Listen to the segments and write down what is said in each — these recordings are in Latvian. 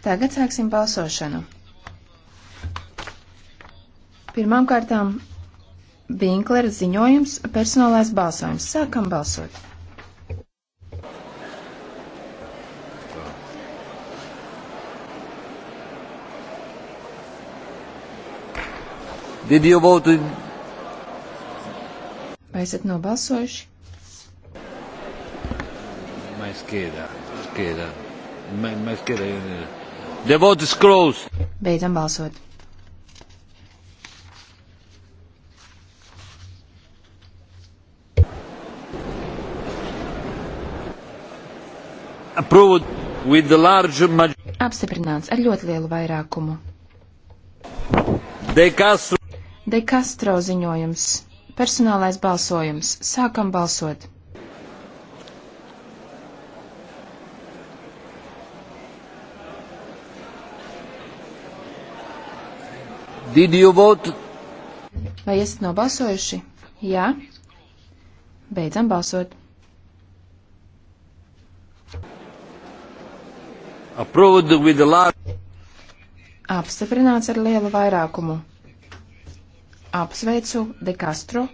Tagad sāksim balsošanu. Pirmām kārtām Vinklera ziņojums - personālais balsojums. Sākam balsot! Did you vote in? Vai esat nobalsojuši? Mai scheda, scheda. Mai, mai scheda. Eh, The vote is closed. Beidzam balsot. Approved with the large majority. Apstiprināts ar ļoti lielu vairākumu. De Castro, De Castro ziņojums. Personālais balsojums. Sākam balsot. Did you vote? Vai esat nobalsojuši? Jā. Beidzam balsot. Approved with a large. Apstiprināts ar lielu vairākumu. Apsveicu De Castro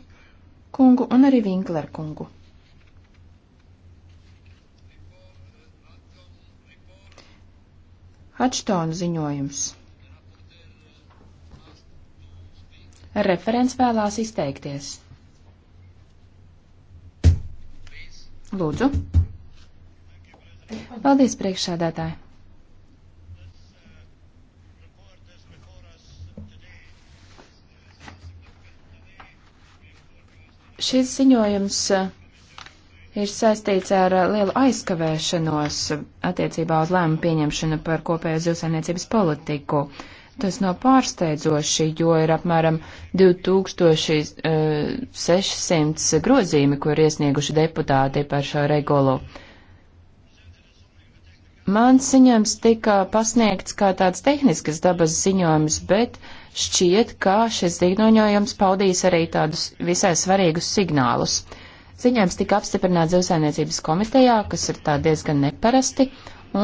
kungu un arī Vinkler kungu. Hačtona ziņojums. Referents vēlās izteikties. Lūdzu. Paldies, priekšsādātāji. Šis ziņojums uh, ir saistīts ar uh, lielu aizkavēšanos uh, attiecībā uz lēmumu pieņemšanu par kopējo zivsainiecības politiku. Uh, Tas nav pārsteidzoši, jo ir apmēram 2600 eh, grozīmi, kur iesnieguši deputāti par šo regulu. Mans ziņojums tika pasniegts kā tāds tehniskas dabas ziņojums, bet šķiet, ka šis ziņojums paudīs arī tādus visai svarīgus signālus. Ziņojums tika apstiprināts Zivsainiecības komitejā, kas ir tā diezgan neparasti,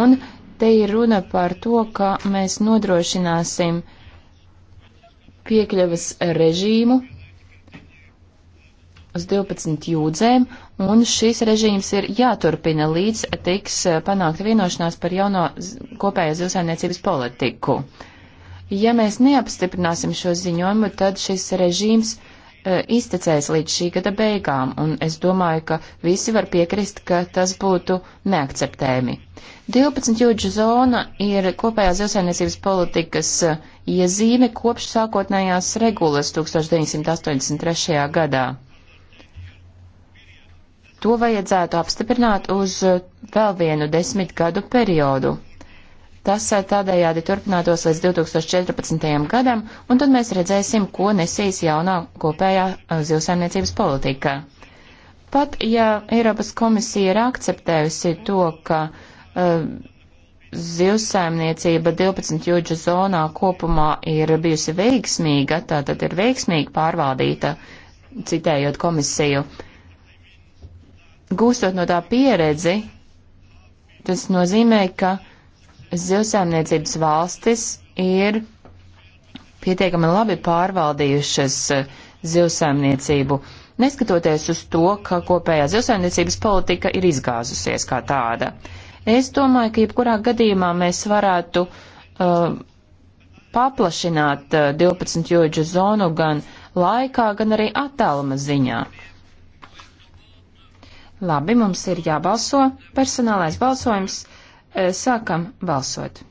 un Te ir runa par to, ka mēs nodrošināsim piekļuvas režīmu uz 12 jūdzēm, un šis režīms ir jāturpina līdz tiks panākt vienošanās par jauno kopējo zivsaimniecības politiku. Ja mēs neapstiprināsim šo ziņojumu, tad šis režīms E, iztecējis līdz šī gada beigām, un es domāju, ka visi var piekrist, ka tas būtu neakceptējami. 12 jūdžu zona ir kopējā zivsainiecības politikas e, iezīme kopš sākotnējās regulas 1983. gadā. To vajadzētu apstiprināt uz e, vēl vienu desmit gadu periodu. Tas eh, tādējādi turpinātos līdz 2014. gadam, un tad mēs redzēsim, ko nesīs jaunā kopējā eh, zivsaimniecības politika. Pat ja Eiropas komisija ir akceptējusi to, ka uh, zivsaimniecība 12 jūdžu zonā kopumā ir bijusi veiksmīga, tātad ir veiksmīgi pārvaldīta, citējot komisiju, gūstot no tā pieredzi, tas nozīmē, ka uh, zivsēmniecības valstis ir pietiekami labi pārvaldījušas eh, zivsēmniecību, neskatoties uz to, ka kopējā zivsēmniecības politika ir izgāzusies kā tāda. Es domāju, ka jebkurā gadījumā mēs varētu uh, paplašināt uh, 12 jūdžu zonu gan laikā, gan arī attāluma ziņā. Labi, mums ir jābalso personālais balsojums. Uh, Eh, sākam balsot.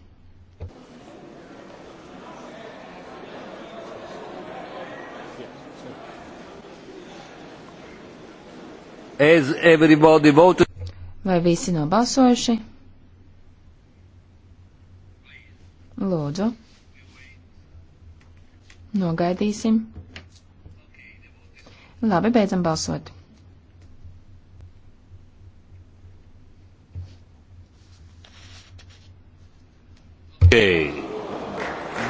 Vai visi nobalsojuši? Lūdzu. Nogaidīsim. Labi, beidzam balsot.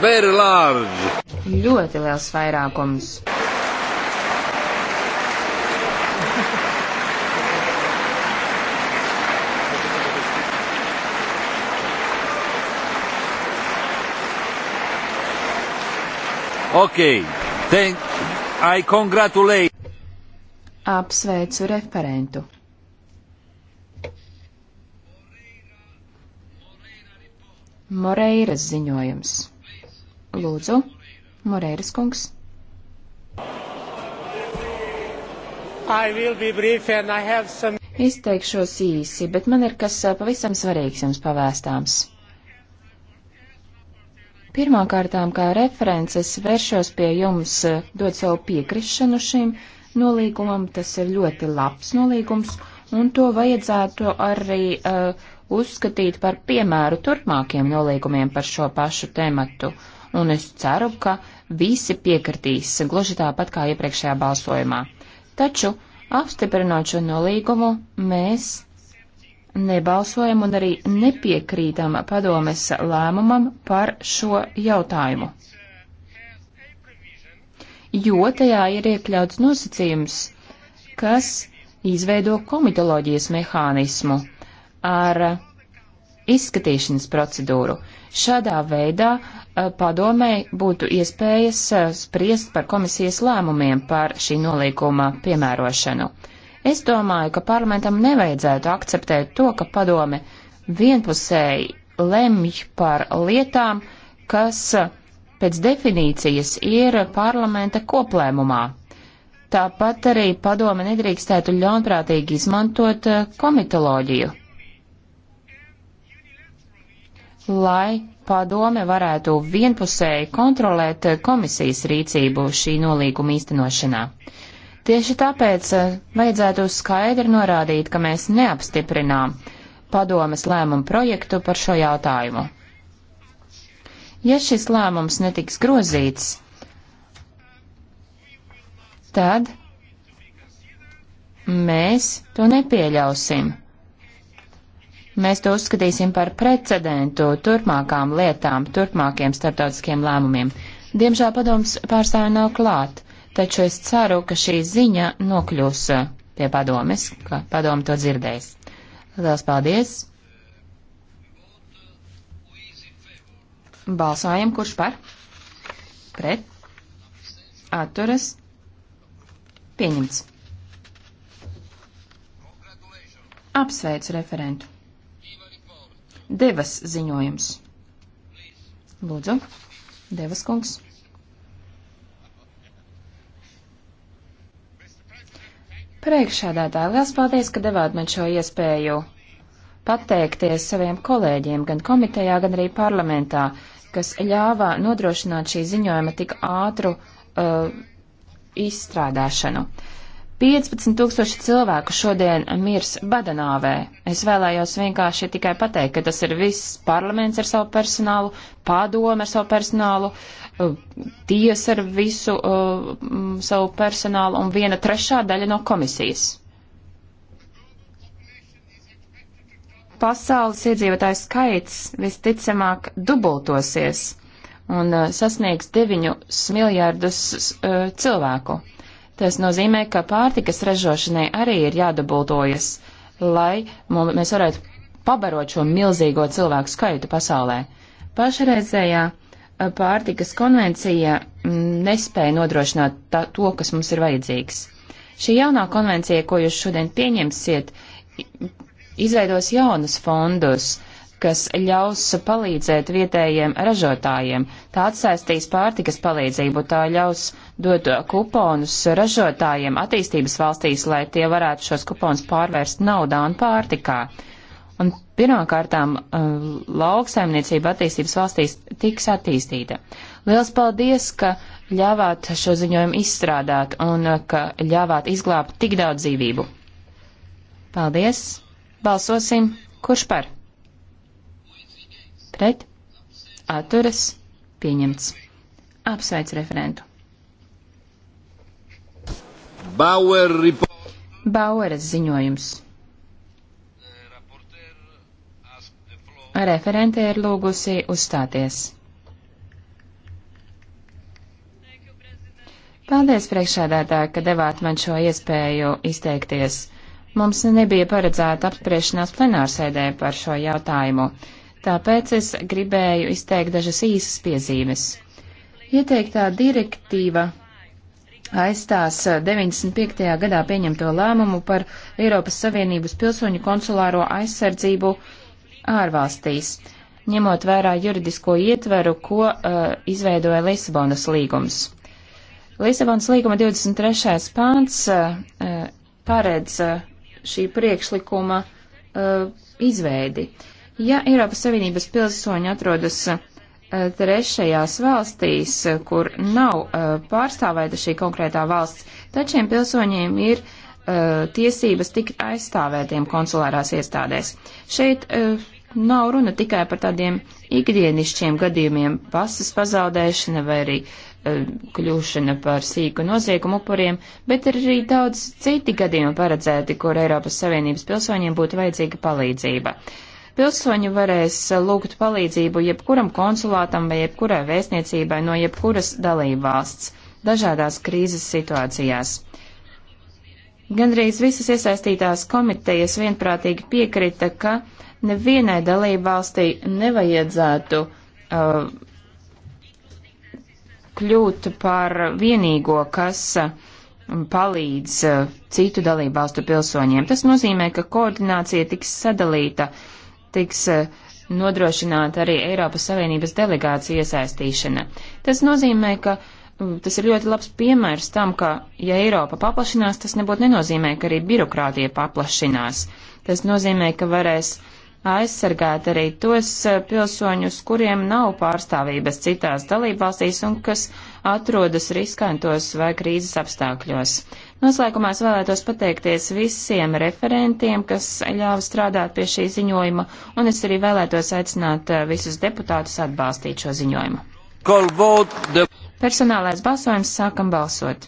very large. Ļoti liels vairākums. Ok, then I congratulate. Apsveicu referentu. Moreiras ziņojums. Lūdzu, Morēras kungs. Some... Izteikšos īsi, bet man ir kas pavisam svarīgs jums pavēstāms. Pirmkārtām, kā references, vēršos pie jums, dod savu piekrišanu šim nolīgumam. Tas ir ļoti labs nolīgums, un to vajadzētu arī uh, uzskatīt par piemēru turpmākiem nolīgumiem par šo pašu tematu. Uh, un es ceru, ka visi piekritīs, gluži tāpat kā iepriekšējā balsojumā. Taču, apstiprinot šo nolīgumu, mēs nebalsojam un arī nepiekrītam padomes lēmumam par šo jautājumu. Jo tajā ir iekļauts nosacījums, kas izveido komitoloģijas mehānismu ar izskatīšanas procedūru. Šādā veidā eh, padomēji būtu iespējas eh, spriest par komisijas lēmumiem par šī nolīguma piemērošanu. Es domāju, ka parlamentam nevajadzētu akceptēt to, ka padome vienpusēji lemj par lietām, kas eh, pēc definīcijas ir parlamenta koplēmumā. Tāpat arī padome nedrīkstētu ļaunprātīgi izmantot komitoloģiju lai padome varētu vienpusēji kontrolēt eh, komisijas rīcību šī nolīguma īstenošanā. Tieši tāpēc eh, vajadzētu skaidri norādīt, ka mēs neapstiprinām padomes lēmumu projektu par šo jautājumu. Ja šis lēmums netiks grozīts, tad mēs to nepieļausim. Mēs to uzskatīsim par precedentu turpmākām lietām, turpmākiem starptautiskiem lēmumiem. Diemžēl padoms pārstāvi nav klāt, taču es ceru, ka šī ziņa nokļūs eh, pie padomes, ka padoma to dzirdēs. Liels paldies! Balsājam, kurš par? Pret? Atturas? Pieņemts. Apsveicu referentu. Devas ziņojums. Lūdzu, Devas kungs. Priekšādātāji, liels paldies, ka devāt man šo iespēju pateikties saviem kolēģiem gan komitejā, gan arī parlamentā, kas ļāva nodrošināt šī ziņojuma tik ātru uh, izstrādāšanu. Uh, 15 tūkstoši cilvēku šodien mirs badanāvē. Es vēlējos vienkārši tikai pateikt, ka tas ir viss parlaments ar savu personālu, padome ar savu personālu, eh, tiesa ar visu uh, savu personālu un viena trešā daļa no komisijas. Pasaules iedzīvotāju skaits visticamāk dubultosies un uh, sasniegs 9 miljārdus uh, cilvēku. Tas nozīmē, ka pārtikas ražošanai arī ir jādabultojas, lai mēs varētu pabarot šo milzīgo cilvēku skaitu pasaulē. Pašreizējā pārtikas konvencija nespēja nodrošināt tā, to, kas mums ir vajadzīgs. Šī jaunā konvencija, ko jūs šodien pieņemsiet, izveidos jaunus fondus, uh, kas ļaus palīdzēt vietējiem ražotājiem. Tā atsaistīs pārtikas palīdzību, tā ļaus dot kuponus ražotājiem attīstības valstīs, lai tie varētu šos kuponus pārvērst naudā un pārtikā. Un pirmkārtām uh, lauksaimniecība attīstības valstīs tiks attīstīta. Liels paldies, ka ļāvāt šo ziņojumu izstrādāt un uh, ka ļāvāt izglābt tik daudz dzīvību. Paldies! Balsosim! Kurš par? pret, atturas, pieņemts. Apsveic referentu. Bauer report. Baueras ziņojums. Referente ir lūgusi uzstāties. Paldies, priekšādātāji, ka devāt man šo iespēju izteikties. Mums nebija paredzēta apspriešanās plenārsēdē par šo jautājumu tāpēc es gribēju izteikt dažas īsas piezīmes. Ieteiktā direktīva aizstās 95. gadā pieņemto lēmumu par Eiropas Savienības pilsoņu konsulāro aizsardzību ārvalstīs, ņemot vērā juridisko ietveru, ko uh, izveidoja Lisabonas līgums. Lisabonas līguma 23. pāns uh, uh, paredz uh, šī priekšlikuma uh, izveidi. Uh, Ja Eiropas Savienības pilsoņi atrodas eh, trešajās valstīs, eh, kur nav eh, pārstāvēta šī konkrētā valsts, tad šiem pilsoņiem ir tiesības tikt aizstāvētiem konsulārās iestādēs. Šeit nav runa tikai par tādiem ikdienišķiem gadījumiem - pasas pazaudēšana vai arī uh, kļūšana par sīku noziegumu upuriem, bet ir arī daudz citi gadījumi paredzēti, kur Eiropas Savienības pilsoņiem būtu vajadzīga palīdzība. Pilsoņi varēs eh, lūgt palīdzību jebkuram konsulātam vai jebkurai vēstniecībai no jebkuras dalībvalsts dažādās krīzes situācijās. Gandrīz visas iesaistītās komitejas vienprātīgi piekrita, ka nevienai dalībvalstī nevajadzētu uh, kļūt par vienīgo, kas uh, palīdz uh, citu dalībvalstu pilsoņiem. Tas nozīmē, ka koordinācija tiks sadalīta tiks e, nodrošināta arī Eiropas Savienības delegācija iesaistīšana. Tas nozīmē, ka tas ir ļoti labs piemērs tam, ka, ja Eiropa paplašinās, tas nebūtu nenozīmē, ka arī birokrātija paplašinās. Tas nozīmē, ka varēs aizsargāt arī tos e, pilsoņus, kuriem nav pārstāvības citās dalībvalstīs un kas atrodas riskantos vai krīzes apstākļos. Noslēgumā es vēlētos pateikties visiem referentiem, kas ļāva strādāt pie šī ziņojuma, un es arī vēlētos aicināt eh, visus deputātus atbalstīt šo ziņojumu. Personālais balsojums sākam balsot.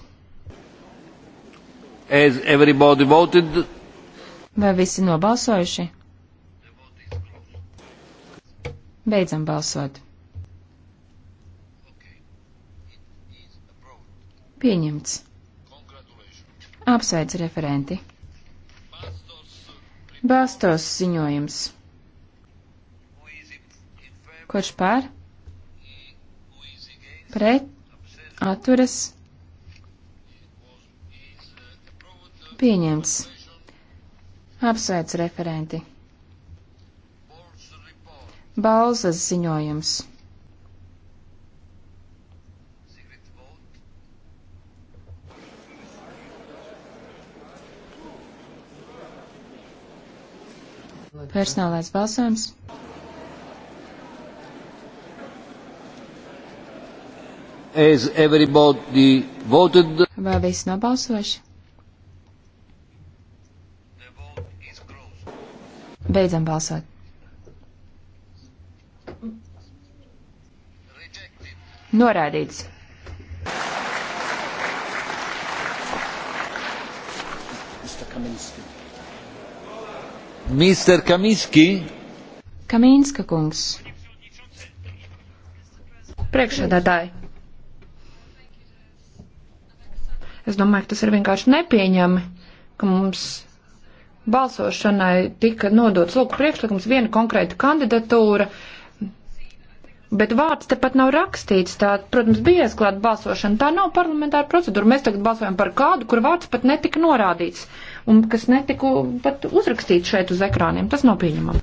Vai visi nobalsojuši? Beidzam balsot. Pieņemts. Apsveic referenti. Bastos ziņojums. Kurš pār? Pret? Atturas? Pieņemts. Apsveic referenti. Balzas ziņojums. Personālais balsojums. As everybody voted. Vai visi nobalsojuši? Beidzam balsot. Norādīts. Mr. Kaminsky. Mr. Kaminski. Kaminska kungs. Priekšsēdētāji. Es domāju, ka tas ir vienkārši nepieņemi, ka mums balsošanai tika nodots lūk priekšlikums viena konkrēta kandidatūra, bet vārds tepat nav rakstīts. Tā, protams, bija aizklāta balsošana. Tā nav parlamentāra procedūra. Mēs tagad balsojam par kādu, kur vārds pat netika norādīts. Uh, un kas netiku pat uzrakstīt šeit uz ekrāniem. Tas nav pieņemami.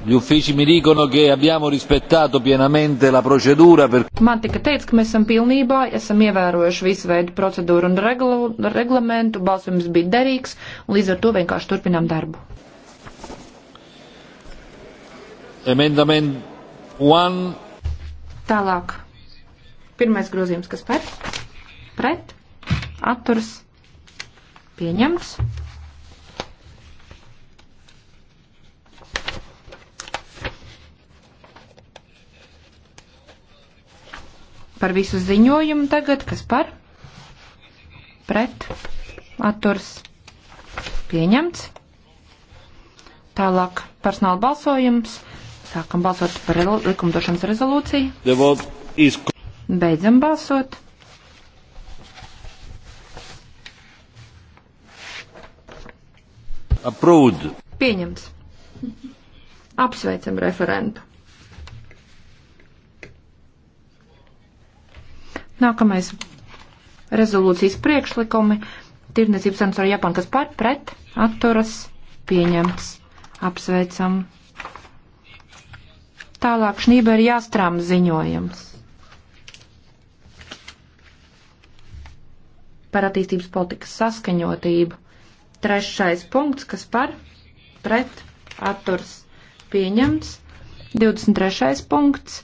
Gli uffici mi dicono che abbiamo rispettato pienamente la procedura per... Man tika teica, ka mēs esam pilnībā, esam ievērojuši visu veidu procedūru un reglu, reglamentu, balsojums bija derīgs, un līdz ar to vienkārši turpinām darbu. Amendment 1. Tālāk. Pirmais grozījums, kas pret? Pret. Atturs. Pieņemts. Par visu ziņojumu tagad, kas par? Pret. Atturs. Pieņemts. Tālāk personāla balsojums Sākam balsot par likumdošanas rezolūciju. Beidzam balsot. Approved. Pieņemts. Apsveicam referentu. Nākamais rezolūcijas priekšlikumi. Tirniecības sankcija ar Japānu, kas par pret, atturas, pieņemts. Apsveicam. Tālāk šnība ir jāstrām ziņojums. Par attīstības politikas saskaņotību. Trešais punkts, kas par pret atturs pieņemts. 23. punkts.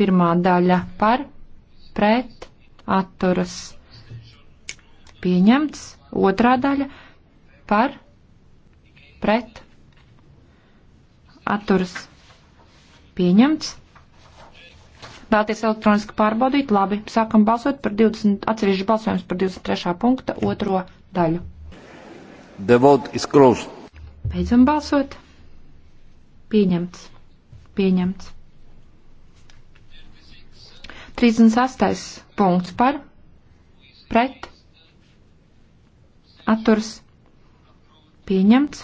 Pirmā daļa par pret atturas pieņemts. Otrā daļa par pret atturas pieņemts. Vēlties elektroniski pārbaudīt? Labi, sākam balsot par 20, atsevišķi balsojums par 23. punkta otro daļu. The vote is closed. Beidzam balsot. Pieņemts. Pieņemts. 38. punkts par, pret, atturs, pieņemts.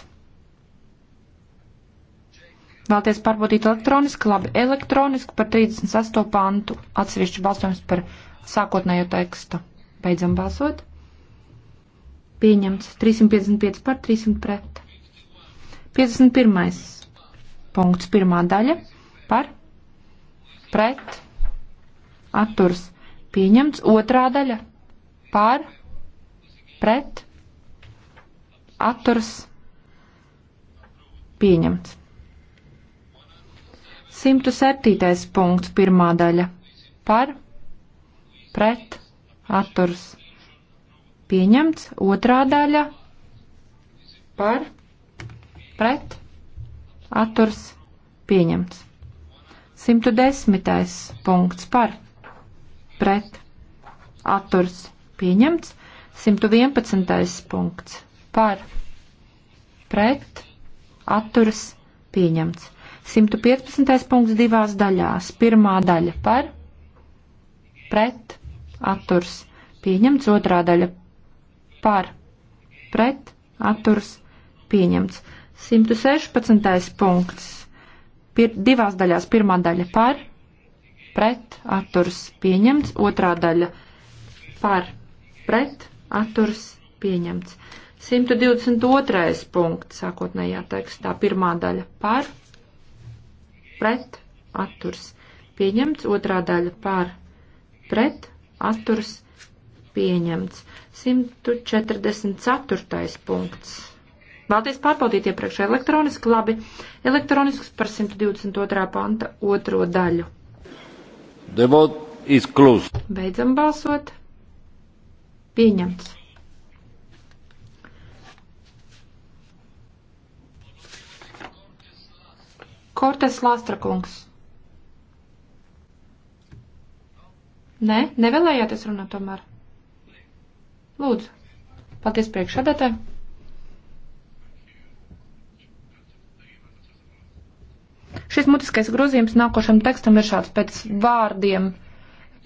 Vēlties pārbaudīt elektroniski, labi, elektroniski par 38. pantu atsevišķu balsojums par sākotnējo tekstu. Beidzam balsot. Pieņemts 355 par 300 pret. 51. punkts, pirmā daļa par pret atturs. Pieņemts otrā daļa par pret atturs. Pieņemts. 107. punkts, pirmā daļa. Par, pret, atturs. Pieņemts. Otrā daļa. Par, pret, atturs. Pieņemts. 110. punkts par, pret, atturs. Pieņemts. 111. punkts par, pret, atturs. Pieņemts. 115. punkts divās daļās. Pirmā daļa par, pret, atturs, pieņemts. Otrā daļa par, pret, atturs, pieņemts. 116. punkts pir, divās daļās. Pirmā daļa par, pret, atturs, pieņemts. Otrā daļa par, pret, atturs, pieņemts. 122. punkts sākotnējā tekstā. Pirmā daļa par, pret pret atturs pieņemts, otrā daļa par pret atturs pieņemts. 144. punkts. Vēlties pārbaudīt iepriekš elektroniski labi, elektronisks par 122. panta otro daļu. Devot izklūst. Beidzam balsot. Pieņemts. Kortes Lāstrakungs. Nē, ne, nevēlējāties runāt tomēr. Lūdzu. Paldies priekšādātē. Šis mutiskais grozījums nākošam tekstam ir šāds pēc vārdiem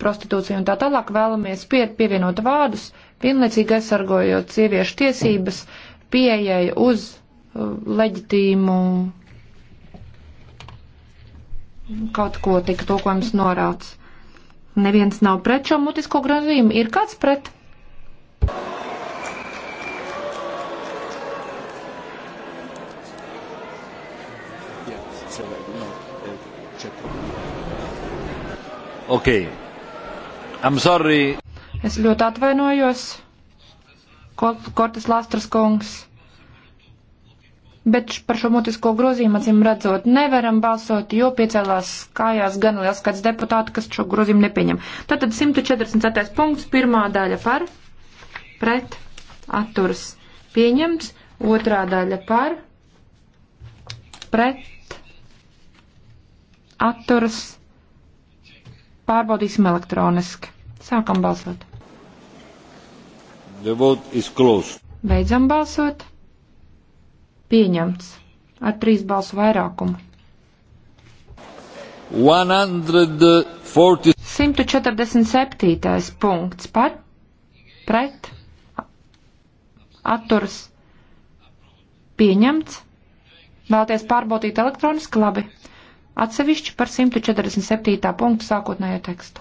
prostitūcija un tā tālāk vēlamies pie, pievienot vārdus, vienlaicīgi aizsargojot sieviešu tiesības pieejai uz uh, leģitīmu Kaut ko tika tulkojums norāds. Neviens nav pret šo mutisko grozījumu. Ir kāds pret? Okay. I'm sorry. Es ļoti atvainojos, Kortes Lastras kungs bet par šo mutisko grozījumu acīm redzot nevaram balsot, jo piecēlās kājās gan liels kāds deputāti, kas šo grozījumu nepieņem. Tātad 144. punkts, pirmā daļa par, pret, atturas pieņemts, otrā daļa par, pret, atturas pārbaudīsim elektroniski. Sākam balsot. The vote is closed. Beidzam balsot. Pieņemts ar trīs balsu vairākumu. 140. 147. punkts par, pret, atturas, pieņemts. Vēlaties pārbaudīt elektroniski labi. Atsevišķi par 147. punktu sākotnējo tekstu.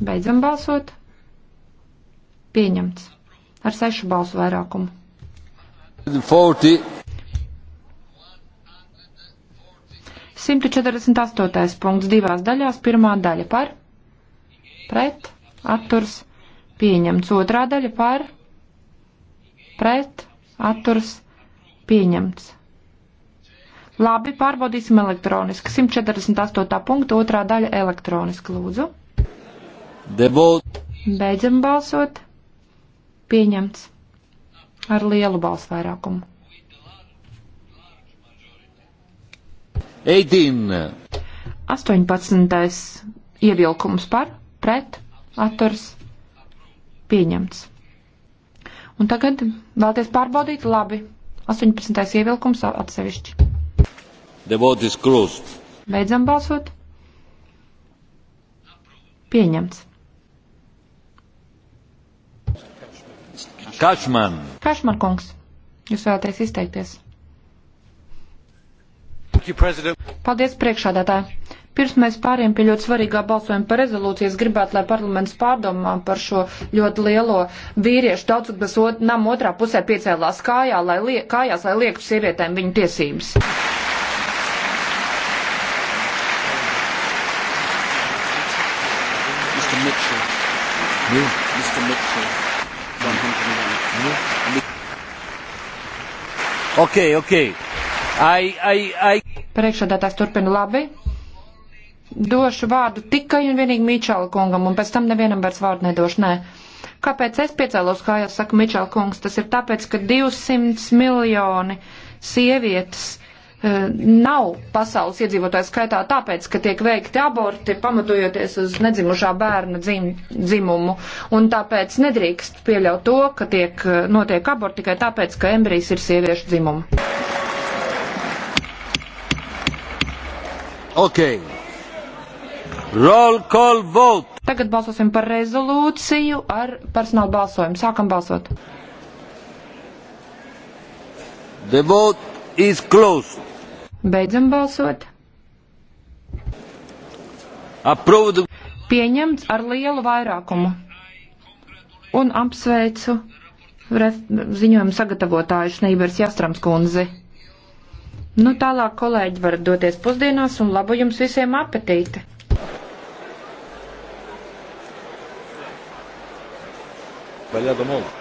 Beidzam balsot. Pieņemts. Ar sešu balsu vairākumu. 148. punkts divās daļās. Pirmā daļa par, pret, atturs, pieņemts. Otrā daļa par, pret, atturs, pieņemts. Labi, pārbaudīsim elektroniski. 148. punkta otrā daļa elektroniski lūdzu. Debot. Beidzam balsot. Pieņemts ar lielu balsu vairākumu. 18. 18. ievilkums par, pret, atturs, pieņemts. Un tagad vēlties pārbaudīt, labi, 18. ievilkums atsevišķi. The vote is closed. Beidzam balsot. Pieņemts. Kašman. Kašman kungs, jūs vēlaties izteikties. Paldies, priekšādātāji. Pirms mēs pāriem pie ļoti svarīgā balsojuma par rezolūciju, es gribētu, lai parlaments pārdomā par šo ļoti lielo vīriešu daudz, kas ot, nam otrā pusē piecēlās kājā, lai liek, kājās, lai liektu sievietēm viņu tiesības. Mr. Mitchell. Yeah. Ok, ok. Ai, ai, ai. Priekšādātājs turpina labi. Došu vārdu tikai un vienīgi Mičela kungam, un pēc tam nevienam vairs vārdu nedošu, nē. Kāpēc es piecēlos, kā jau saka Mičela kungs? Tas ir tāpēc, ka 200 miljoni sievietes E, nav pasaules iedzīvotāju skaitā tāpēc, ka tiek veikti aborti, pamatojoties uz nedzimušā bērna dzim, dzimumu. Un tāpēc nedrīkst pieļaut to, ka tiek e, notiek aborti tikai tāpēc, ka embrijs ir sieviešu dzimuma. Okay. Roll call vote. Tagad balsosim par rezolūciju ar personālu balsojumu. Sākam balsot. The vote is closed. Beidzam balsot. Approdu. Pieņemts ar lielu vairākumu. Un apsveicu ziņojumu sagatavotāju Šnībers Jastrams kundzi. Nu tālāk kolēģi varat doties pusdienās un labu jums visiem apetīti! Valeu, Domingo.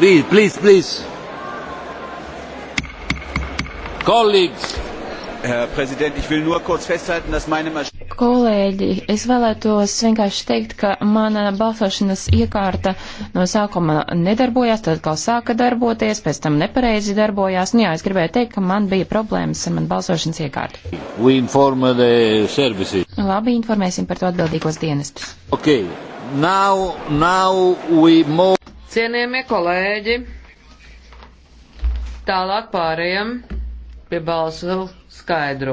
Please, please, please. Colleagues. Herr Präsident, ich will nur kurz festhalten, dass meine Maschine. Kolēģi, es vēlētos vienkārši teikt, ka mana balsošanas iekārta no sākuma nedarbojās, tad atkal sāka darboties, pēc tam nepareizi darbojās. Nu jā, es gribēju teikt, ka man bija problēmas ar manu balsošanas iekārtu. Labi, informēsim par to atbildīgos dienestus. Okay. Now, now Cienījamie kolēģi, tālāk pārējiem pie balsu skaidro.